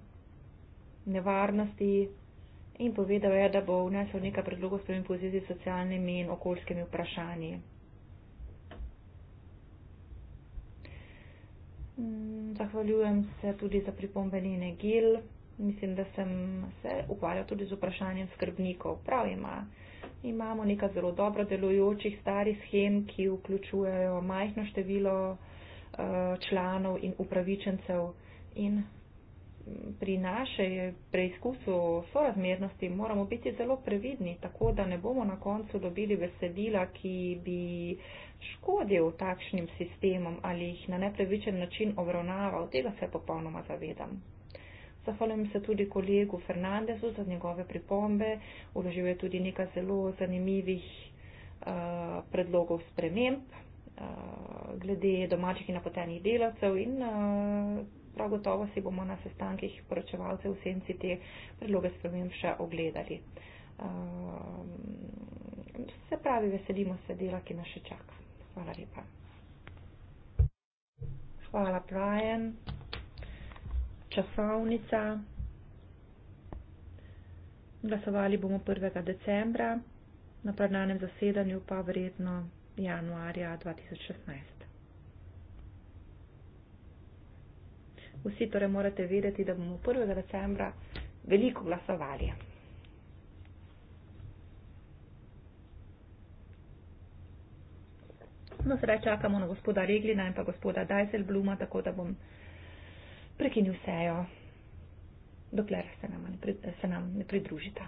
nevarnosti in povedal je, da bo vnesel nekaj predlogov s tem pozizi s socialnimi in okoljskimi vprašanji. Mm, zahvaljujem se tudi za pripombe Nine Gil. Mislim, da sem se ukvarjal tudi z vprašanjem skrbnikov. Prav ima. Imamo nekaj zelo dobro delujočih starih schem, ki vključujejo majhno število Eh, članov in upravičencev in mm, pri našej preizkusu sorazmernosti moramo biti zelo previdni, tako da ne bomo na koncu dobili besedila, ki bi škodil takšnim sistemom ali jih na nepravičen način obravnaval. Tega se popolnoma zavedam. Zahvaljujem se tudi kolegu Fernandezu za njegove pripombe. Uložil je tudi nekaj zelo zanimivih uh, predlogov sprememb uh, glede domačih in napotenih delavcev in uh, prav gotovo si bomo na sestankih poročevalcev v senci te predloge sprememb še ogledali. Uh, se pravi, veselimo se dela, ki nas še čaka. Hvala lepa. Hvala, Brian. Časovnica. Glasovali bomo 1. decembra, na prednanem zasedanju pa verjetno januarja 2016. Vsi torej morate vedeti, da bomo 1. decembra veliko glasovali. No, sedaj čakamo na gospoda Reglina in pa gospoda Dajselbluma, tako da bom prekinil sejo, dokler se nam ne pridružita.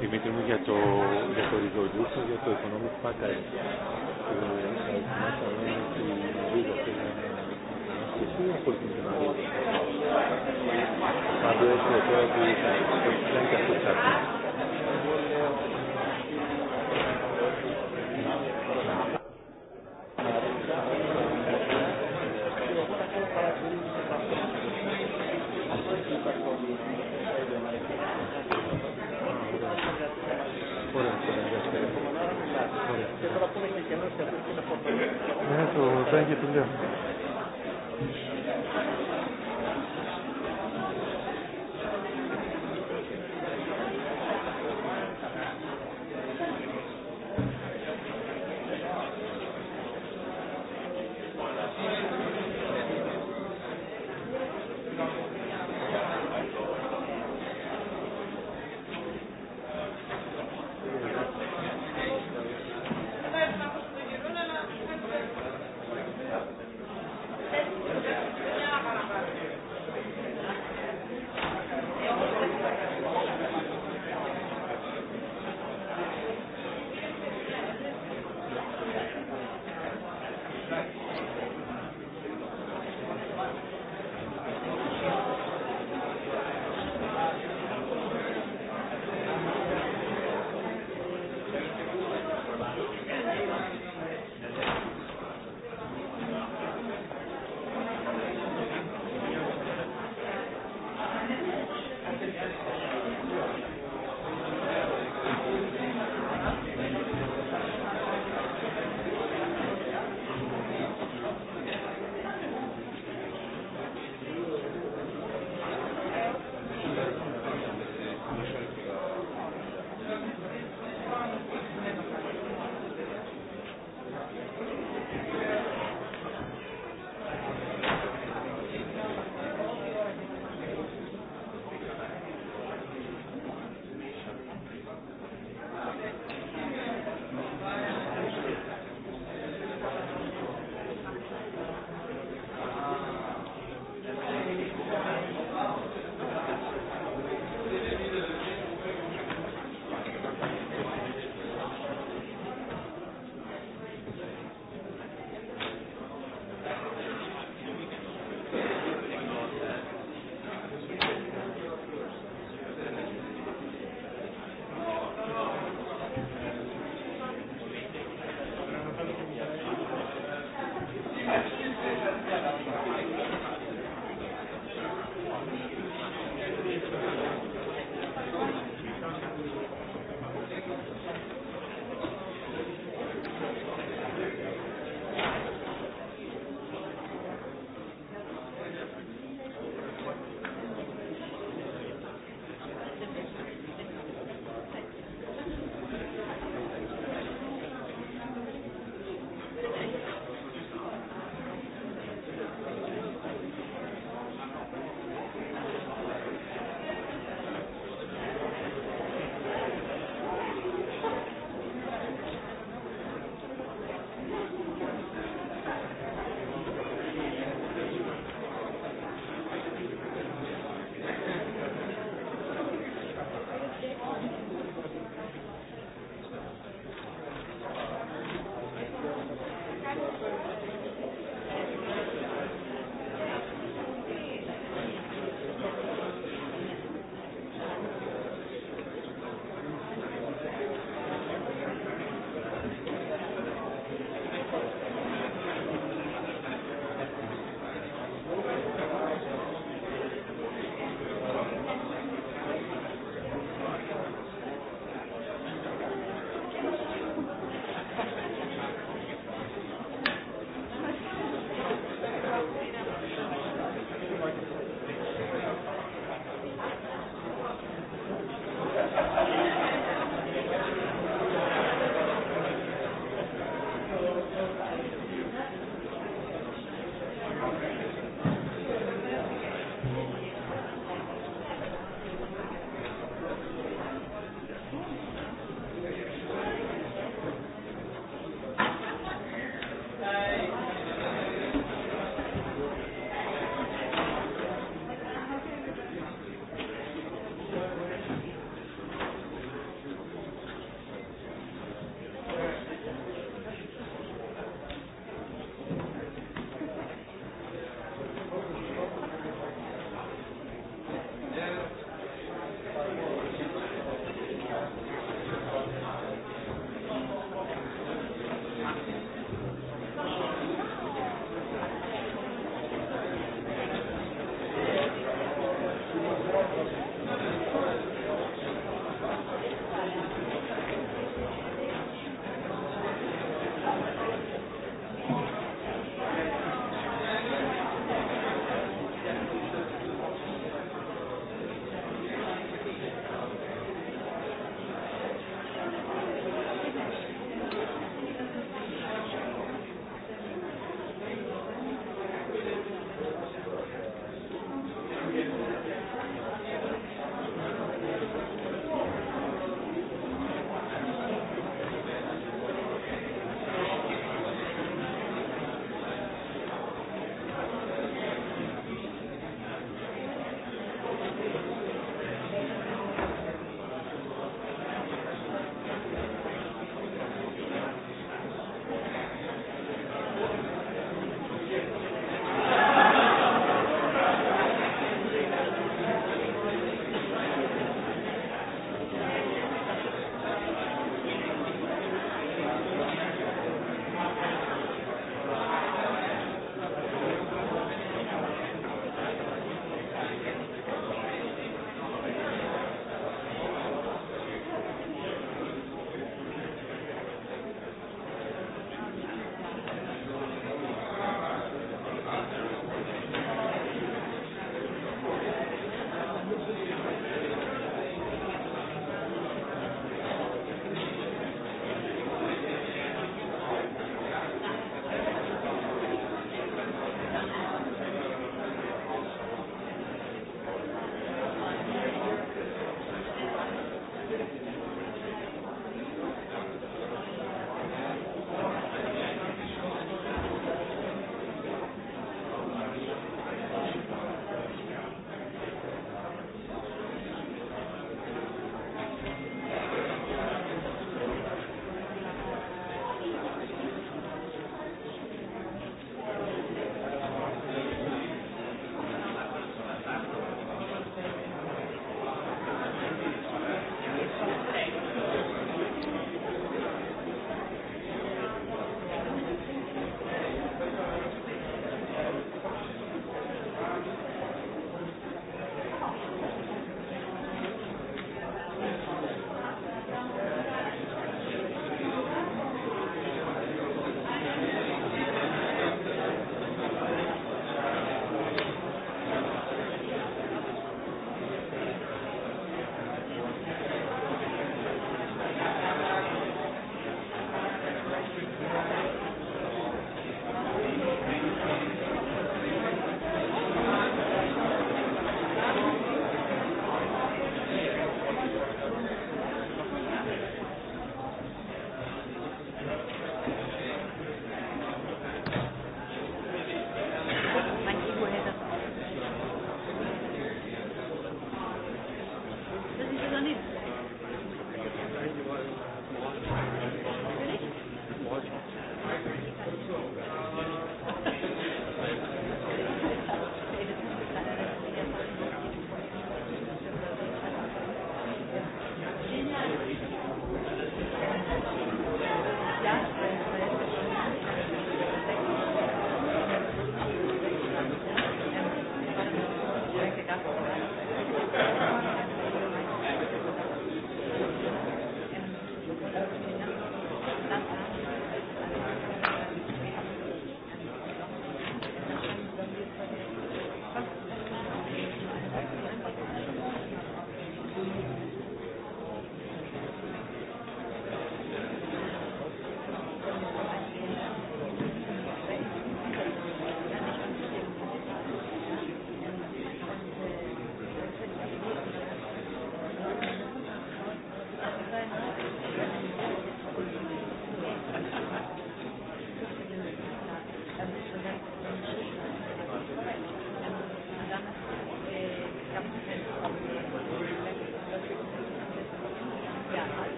επιμετρούμε για το για το Revolution, για το Economic Party. Πάντω έτσι τώρα που θα το κάνει και αυτό το Eso, thank you, thank you.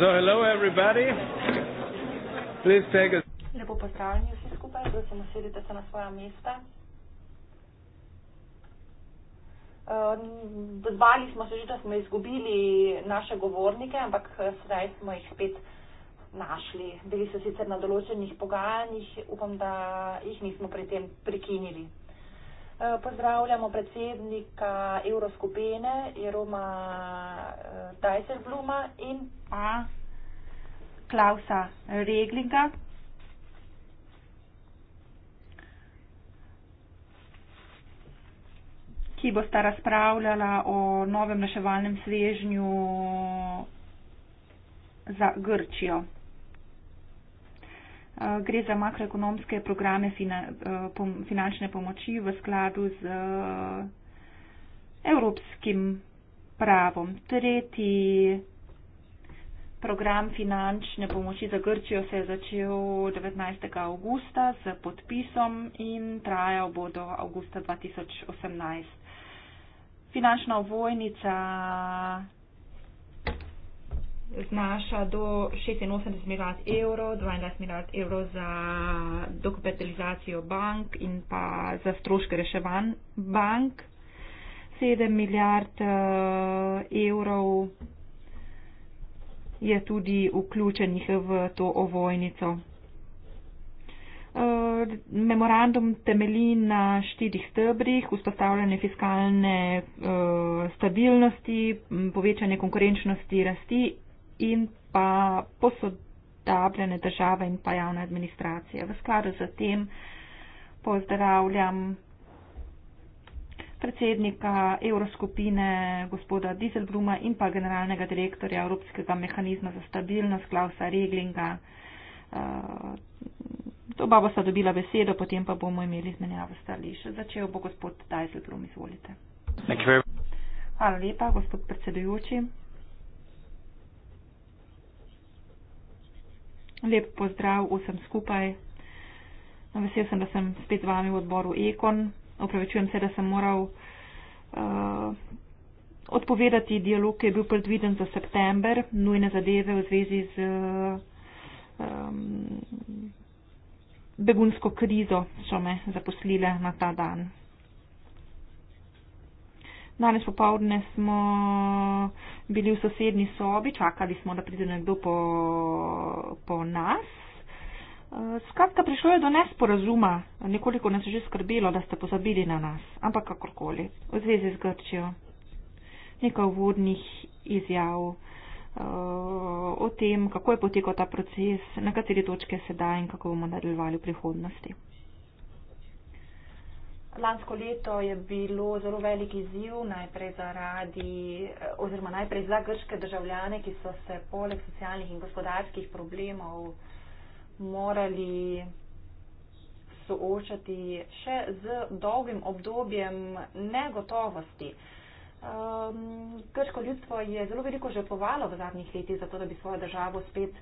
so hello everybody. Please take a... Lepo pozdravljeni vsi skupaj, prosim usedite se na svoja mesta. Eh, Zbali smo se že, da smo izgubili naše govornike, ampak eh, sedaj smo jih spet našli. Bili so sicer na določenih pogajanjih, upam, da jih nismo pri tem prekinili. Eh, pozdravljamo predsednika Evroskupine Jeroma eh, Dajselbluma in pa Klausa Reglinga. ki bosta razpravljala o novem reševalnem svežnju za Grčijo. Eh, gre za makroekonomske programe eh, finančne pomoči v skladu z eh, evropskim pravom. Tretji program finančne pomoči za Grčijo se je začel 19. augusta z podpisom in trajal bo do augusta 2018. Finančna vojnica znaša do 86 milijard evrov, 22 milijard evrov za dokapitalizacijo bank in pa za stroške reševanj bank, 7 milijard eh, evrov je tudi vključenih v to ovojnico. Eh, memorandum temelji na štirih stebrih, vzpostavljanje fiskalne eh, stabilnosti, povečanje konkurenčnosti, rasti in pa posodabljene države in pa javne administracije. V skladu z tem pozdravljam predsednika Evroskupine gospoda Dieselbruma in pa generalnega direktorja Evropskega mehanizma za stabilnost Klausa Reglinga. Eh, oba bosta dobila besedo, potem pa bomo imeli izmenjavo stališče. Začel bo gospod Dieselbrum, izvolite. Hvala lepa, gospod predsedujoči. Lep pozdrav vsem skupaj. Vesel sem, da sem spet z vami v odboru Ekon. Opravičujem se, da sem moral uh, odpovedati dialog, ki je bil predviden za september, nujne zadeve v zvezi z uh, um, begunsko krizo, ki so me zaposlile na ta dan. Danes popovdne smo bili v sosednji sobi, čakali smo, da pride nekdo po, po nas. Eh, skratka, prišlo je do nesporazuma. Nekoliko nas je že skrbelo, da ste pozabili na nas, ampak kakorkoli. V zvezi z Grčijo. Nekaj uvodnih izjav eh, o tem, kako je potekal ta proces, na kateri točke sedaj in kako bomo nadaljevali v prihodnosti. Lansko leto je bilo zelo velik izziv, najprej zaradi oziroma najprej za grške državljane, ki so se poleg socialnih in gospodarskih problemov morali soočati še z dolgim obdobjem negotovosti. Uh, Um, grško ljudstvo je zelo veliko žrtvovalo v zadnjih letih, zato da bi svojo državo spet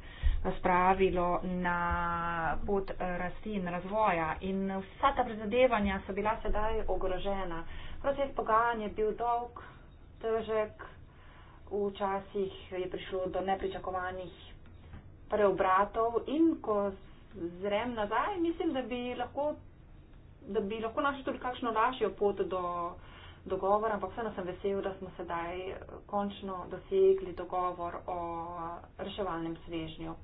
spravilo na pot rasti in razvoja. In vsa ta prizadevanja so bila sedaj ogrožena. Proces pogajanj je bil dolg, težek, včasih je prišlo do nepričakovanih preobratov in ko zrem nazaj, mislim, da bi lahko, da bi lahko našli tudi kakšno lažjo pot do dogovor, ampak vseeno sem vesel, da smo sedaj eh, končno dosegli dogovor o eh, reševalnem svežnju.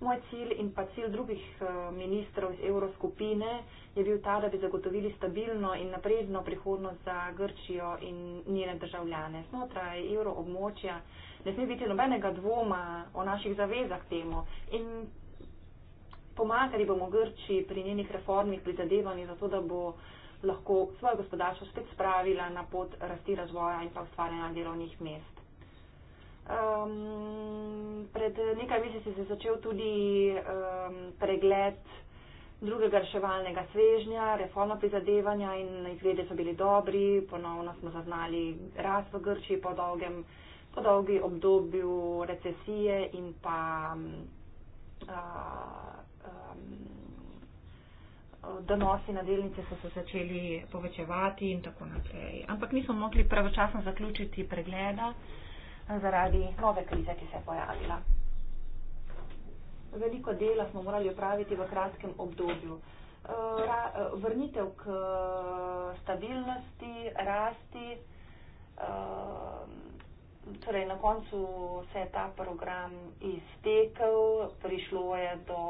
Moj cilj in pa cilj drugih eh, ministrov iz evroskupine je bil ta, da bi zagotovili stabilno in napredno prihodnost za Grčijo in njene državljane. Znotraj evroobmočja ne sme biti nobenega dvoma o naših zavezah temu in pomagali bomo Grčiji pri njenih reformnih prizadevanjih, zato da bo lahko svoje gospodarstvo spet spravila na pot rasti razvoja in pa ustvarjanja delovnih mest. Um, pred nekaj meseci se je začel tudi um, pregled drugega reševalnega svežnja, reforma prizadevanja in izglede so bili dobri, ponovno smo zaznali rast v Grčiji po dolgem, po dolgi obdobju recesije in pa um, um, donosi na delnice so se začeli povečevati in tako naprej. Ampak nismo mogli pravočasno zaključiti pregleda eh, zaradi nove krize, ki se je pojavila. Veliko dela smo morali opraviti v kratkem obdobju. Eh, ra, eh, vrnitev k stabilnosti, rasti, torej na koncu se je ta program iztekel, prišlo je do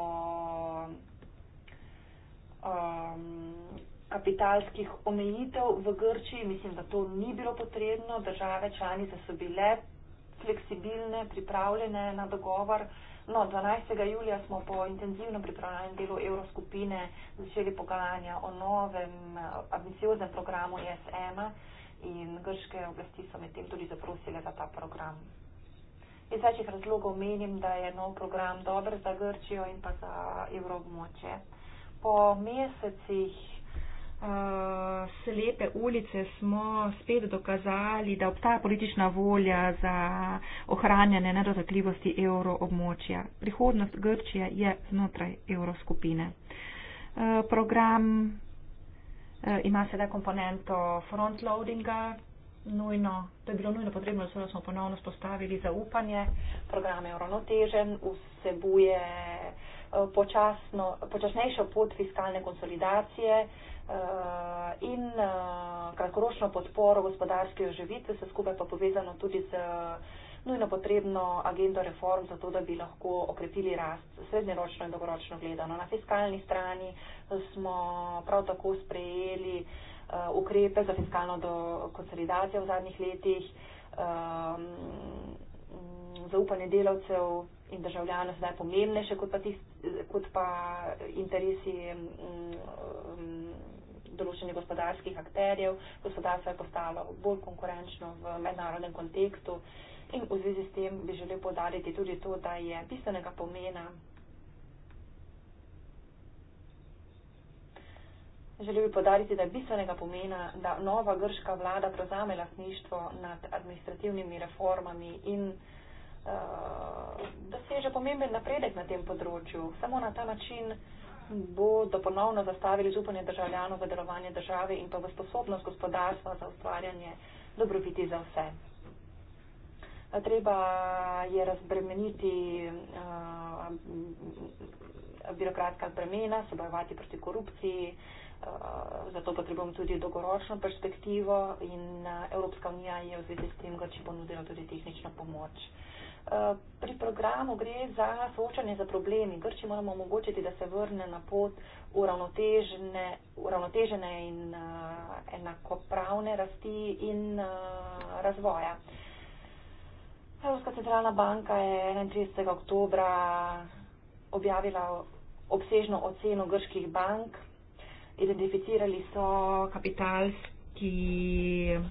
um, kapitalskih omejitev v Grčiji. Mislim, da to ni bilo potrebno. Države članice so bile fleksibilne, pripravljene na dogovor. No, 12. julija smo po intenzivnem pripravljanju delu Evroskupine začeli pogajanja o novem ambicioznem programu ESM in grške oblasti so medtem tudi zaprosile za ta program. Iz večjih razlogov menim, da je nov program dober za Grčijo in pa za Evropo moče po mesecih uh, slepe ulice smo spet dokazali, da obstaja politična volja za ohranjanje nedotakljivosti evroobmočja. Prihodnost Grčije je znotraj evroskupine. Uh, program uh, ima sedaj komponento frontloadinga. Nujno, to je bilo nujno potrebno, da smo ponovno spostavili zaupanje. Program je uravnotežen, vsebuje uh, Eh, počasno, počasnejšo pot fiskalne konsolidacije eh, in eh, kratkoročno podporo gospodarske oživitve, se skupaj pa povezano tudi z nujno potrebno agendo reform, zato da bi lahko okrepili rast srednjeročno in dolgoročno gledano. Na fiskalni strani smo prav tako sprejeli ukrepe za fiskalno konsolidacijo v zadnjih letih, zaupanje delavcev in državljane zdaj pomembnejše kot pa, tist, kot pa interesi um, določenih gospodarskih akterjev. Gospodarstvo je postalo bolj konkurenčno v mednarodnem kontekstu in v zvezi s tem bi želel podariti tudi to, da je bistvenega pomena. Želel bi podariti, da je bistvenega pomena, da nova grška vlada prevzame lasništvo nad administrativnimi reformami in Eh, doseže pomemben napredek na tem področju. Samo na ta način bodo ponovno zastavili zupanje državljanov v delovanje države in pa v sposobnost gospodarstva za ustvarjanje dobrobiti za vse. Eh, treba je razbremeniti uh, birokratska bremena, sobojevati proti korupciji, uh, zato potrebujemo tudi dolgoročno perspektivo in Evropska unija je v zvezi s tem, da če ponudila tudi tehnično pomoč. Uh, Eh, pri programu gre za soočanje za problemi. Grči moramo omogočiti, da se vrne na pot uravnotežene, uravnotežene in uh, enakopravne rasti in uh, razvoja. Evropska centralna banka je 31. oktober objavila obsežno oceno grških bank. Identificirali so kapitalski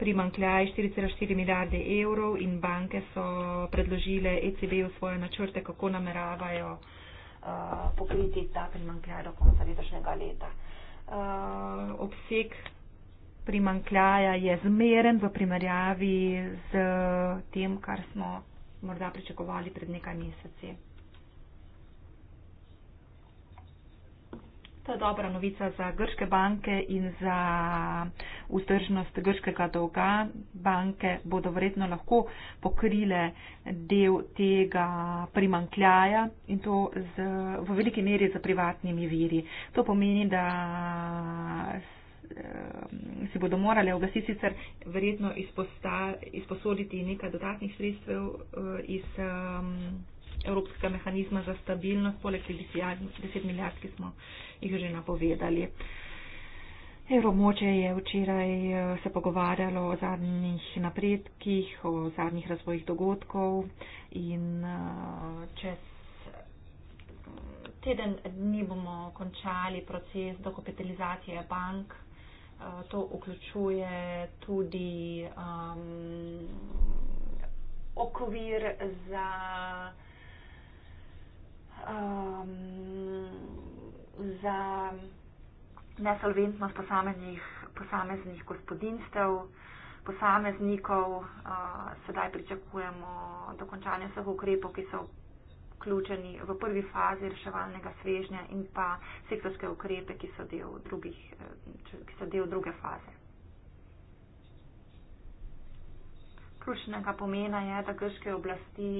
primankljaj 4,4 milijarde evrov in banke so predložile ECB-u svoje načrte, kako nameravajo uh, pokriti ta primankljaj do konca letošnjega leta. Uh, obseg primankljaja je zmeren v primerjavi z tem, kar smo morda pričakovali pred nekaj meseci. to dobra novica za grške banke in za vzdržnost grškega dolga. Banke bodo verjetno lahko pokrile del tega primankljaja in to z, v veliki meri za privatnimi viri. To pomeni, da eh, si bodo morale oblasti sicer verjetno izposta, izposoditi nekaj dodatnih sredstev eh, iz. Um, evropskega mehanizma za stabilnost, poleg 10 milijard, ki smo jih že napovedali. Evromoče je včeraj eh, se pogovarjalo o zadnjih napredkih, o zadnjih razvojih dogodkov in eh, čez eh, teden dni bomo končali proces dokapitalizacije bank. To vključuje tudi um, okvir za Ehm, za nesolventnost posameznih, posameznih gospodinstev, posameznikov. Sedaj pričakujemo dokončanje vseh ukrepov, ki so vključeni v prvi fazi reševalnega svežnja in pa sektorske ukrepe, ki so del, drugih, e, ki so del druge faze. Ključnega pomena je, da grške oblasti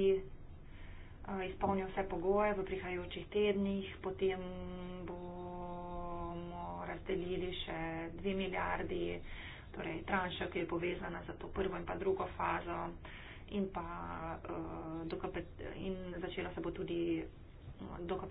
Eh, izpolnil vse pogoje v prihajajočih tednih, potem bomo razdelili še dve milijardi, torej tranša, ki je povezana za to prvo in pa drugo fazo in pa uh, in začela se bo tudi eh, dokapitalizacija.